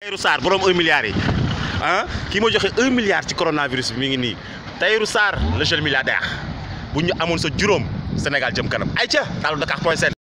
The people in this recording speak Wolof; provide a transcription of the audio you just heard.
tayru sar borom 1 milliard yi han ah, ki mo joxe 1 milliard ci coronavirus bi mi ngi ni tayru sar le jeune milliardaire buñu amone sa juroom senegal jëm kanam ay ca dalu dakar point